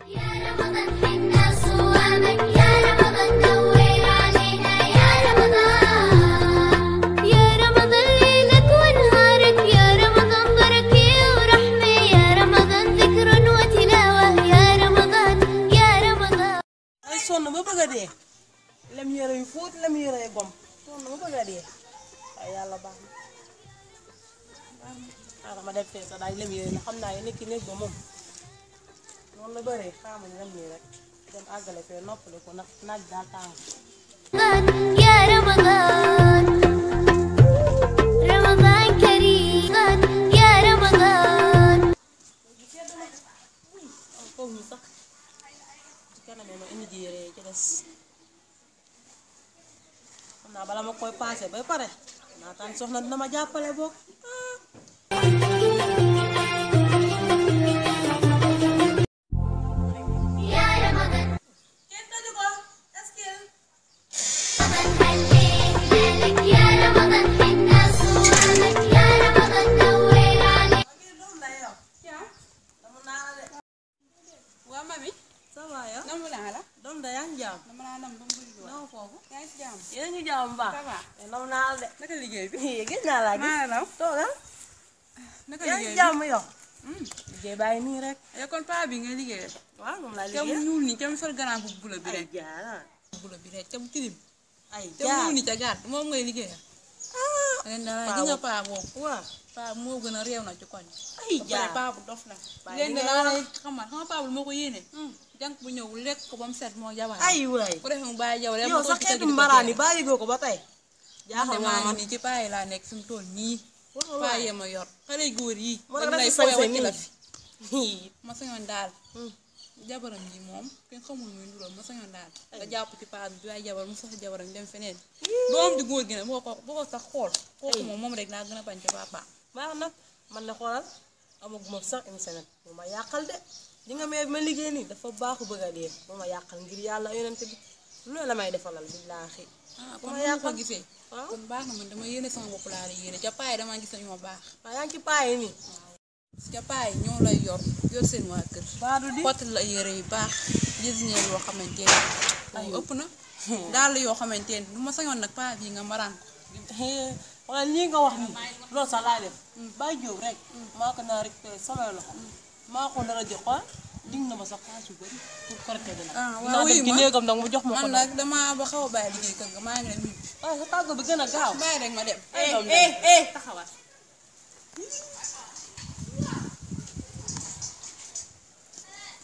يا رمضان حنا صوامك يا رمضان نور علينا يا رمضان يا رمضان ليلك ونهارك يا رمضان بركة ورحمة يا رمضان ذكر وتلاوة يا رمضان يا رمضان أي صنة لم يرى يفوت لم يرى يقوم صنة ما يلا بقى أنا ما دفعت لم يرى الحمد لله إنك نجم loolu la bëree xaaral ñu dem nii rek dem àggale fee noppale ko ndax naaj daa tàng. xam naa bala ma koy paase ba pare naataan soxna dina ma jàppale Nam na hala. Dom da yang jam. Nam na nam dom bul do. Nam fofu. Yang jam. Yang jam ba. Ka ba. Nam na de. Naka liggey bi. Gis na la gis. Ma la. Toga. Naka liggey. Yang jam yo. liggéey bàyyi nii rek. yow kon paa bi nga liggéey. waaw moom laa liggéey cam ñuul nii cam sol garaam bu bula bi rek. ay jaara bula bi rek cam tilim. ay jaara cam ñuul nii ca gaat moom ngay liggéey. paa nga paa boobu. waaw paa moo gën a réew na ci koñ. ay jaa paa dof la. leen da laa lay xamal xam nga moo ko yéene. Hmm. jànk bu ñëw lekk ko ba mu set moo jabar. ay waay ku defee mu bàyyi jaw rek. yow sa xeetu mbaraan ba ngi nii ci paa yi laa nekk fi mu toll nii. paa yee ma yor xale góor yi. dañ lay fooy wàcc la ma sañoon daal. Hmm. jabaram yi moom kenn xamul muy nduróol ma sañoon daal nga jàpp ci paa bi waaye jabar mu sax jabaram dem feneen doom di góor gi nag boo ko boo ko sax xool kooku moom moom rek naa gën a bañ ci papa baax na man la xoolal amaguma sax une semaine bu ma yàqal de li nga may ma liggéey nii dafa baaxu bëgg a dee bu ma yàqal ngir yàlla yonente bi loolu la may defalal billaahi ah kon ma ko gisee ah? kon baax na man dama yéene sama laa la yéene ca paa yi damaa gis nañu ma baax waaw ah, yaa ci paa yi nii ah. ca paa yi ñoo lay yor yor seen waa kër. xottal la yére yu baax gis ngeen yoo xamante ne ay ëpp na. daal yoo xamante ne bu ma sañoon nag paa yi nga maraan ko. wala lii nga wax nii loolu sax laay def. Mm. bàyyi jóob rek. Mm. maa ko naa rek samay loxo. Mm. maa ko nar a jox ko ah, dig na ma sax xaalis yu bëri pour correcté dana. ah waaw oui ma néegam nag mu jox ma ko man nag damaa ba xaw a bàyyi liggéey kër ga maa ngi leen. waaw ah, sa tàggu bi gën a gaaw. bàyyi rek ma dem. ay doom eh, eh, eh, taxawal.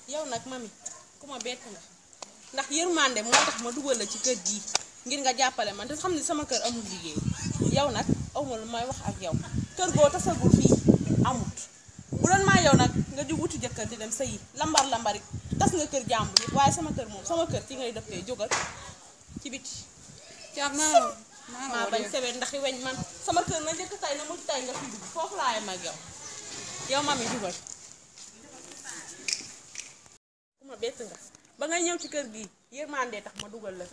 yow nag mami ku ma bett nga ndax yërmande moo tax ma dugal la ci kër gii ngir nga jàppale man te xam ne sama kër amul liggéey yow nag awma may wax ak yow kër goo tasagul fii amut bu doon maa yow nag nga di wuti jëkkër di dem sëyi lambar lambari tas nga kër jàmbur yi waaye sama kër moom sama kër ci ngay dëppee jógal ci biti car maa bañ sebet ndax weñ man sama kër na njëkk tay na mujj tay nga fi foofu laay mag yow yow mami dugal bett nga ba nga ñëw ci kër gi yërmande tax ma duggal la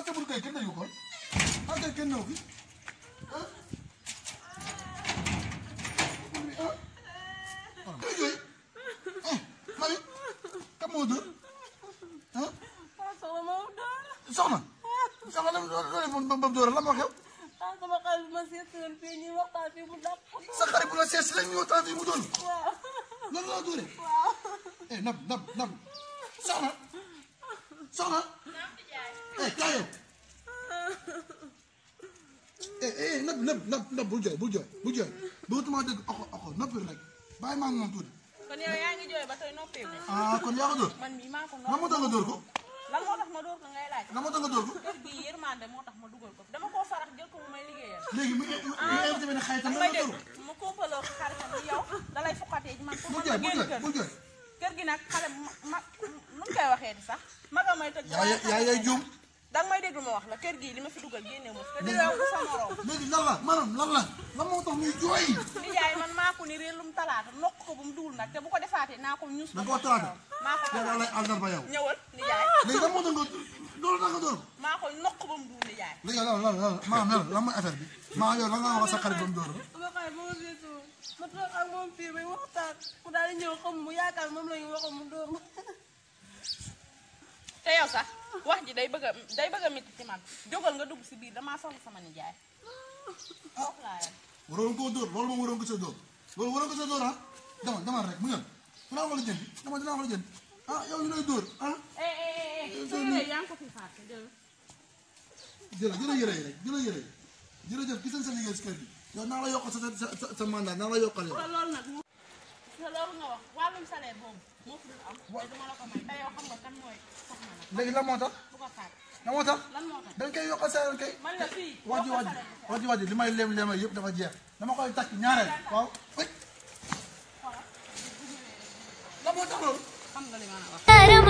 apa bukan kena yuk Ada kena yuk? Hah? soxna soxna boobu dóor la ma xew ah sama xarit bu ma seet fii ñuy waxtaan fii mu dàq sa xarit bu la seet si la ñuy nab nab nab nab nab nab nab bul jooy bul jooy bul jooy bëggatuma dégg oxo rek bàyyi maa ngi moom kon yow yaa ngi ba tey noppee ah kon yaa ko man mii maa ko nga ma ko lan moo tax ma door ko ngay laaj. lan moo tax nga door ko. kër gi yërmande moo tax ma dugal ko dama koo farax jël ko mu may liggéeyal. léegi mu ah, invité benn xaritam ma dégg mu kóopaloo ko xaritam bi yow da lay fuqatee ji man pour mën a génn kër kër gi nag xale ma ma nu koy waxee di sax magam may tëj. yaa yaa yaa juum. danga may déglu ma wax la kër gii li ma fi dugal génne mu te déglu ko sama morom. la maanaam lan moo tax muy jooy. nijaay man maa ko ni réer lu mu talaata nokk ko bu mu dugul nag te bu ko defaatee naa ko ñus. da nga ko talaata maa ko da nga doon. maa ko nokk ba mu dugul nijaay. léegi lan lan lan maanaam lan lan mooy affaire bi. maa yow lan nga wax sa xarit ba mu doon. ma toog ak moom fii bay waxtaan daal ñëw xam mu mu dóor ma te yow sax wax ji day bëgg day bëgg miti ci man jógal nga dugg si biir dama soxla sama ni foofu laa yem. waroon koo dóor ko sa dóor loolu ko sa dóor dama dama rek mu ñëw dama wala jënd dama dinaa war jënd yow ñu lay dóor ah. jërëjëf yaa ngi ko fi fàtte jërëjëf. jërëjëf jërëjëf yére yi rek jërëjëf yére yi jërëjëf gis nañ sa liggéey si kër gi la yokkal sa sa sa mandat naa la yokkal yow. loolu nag moom loolu nga wax wàllum salaire boobu léegi lan moo tax. lan moo tax. dañ koy yokkal sa yoon kay. wax ji wax ji wax ji wax ji li may lem lema yëpp dafa jeex dama koy takk ñaareel waaw. lan moo tax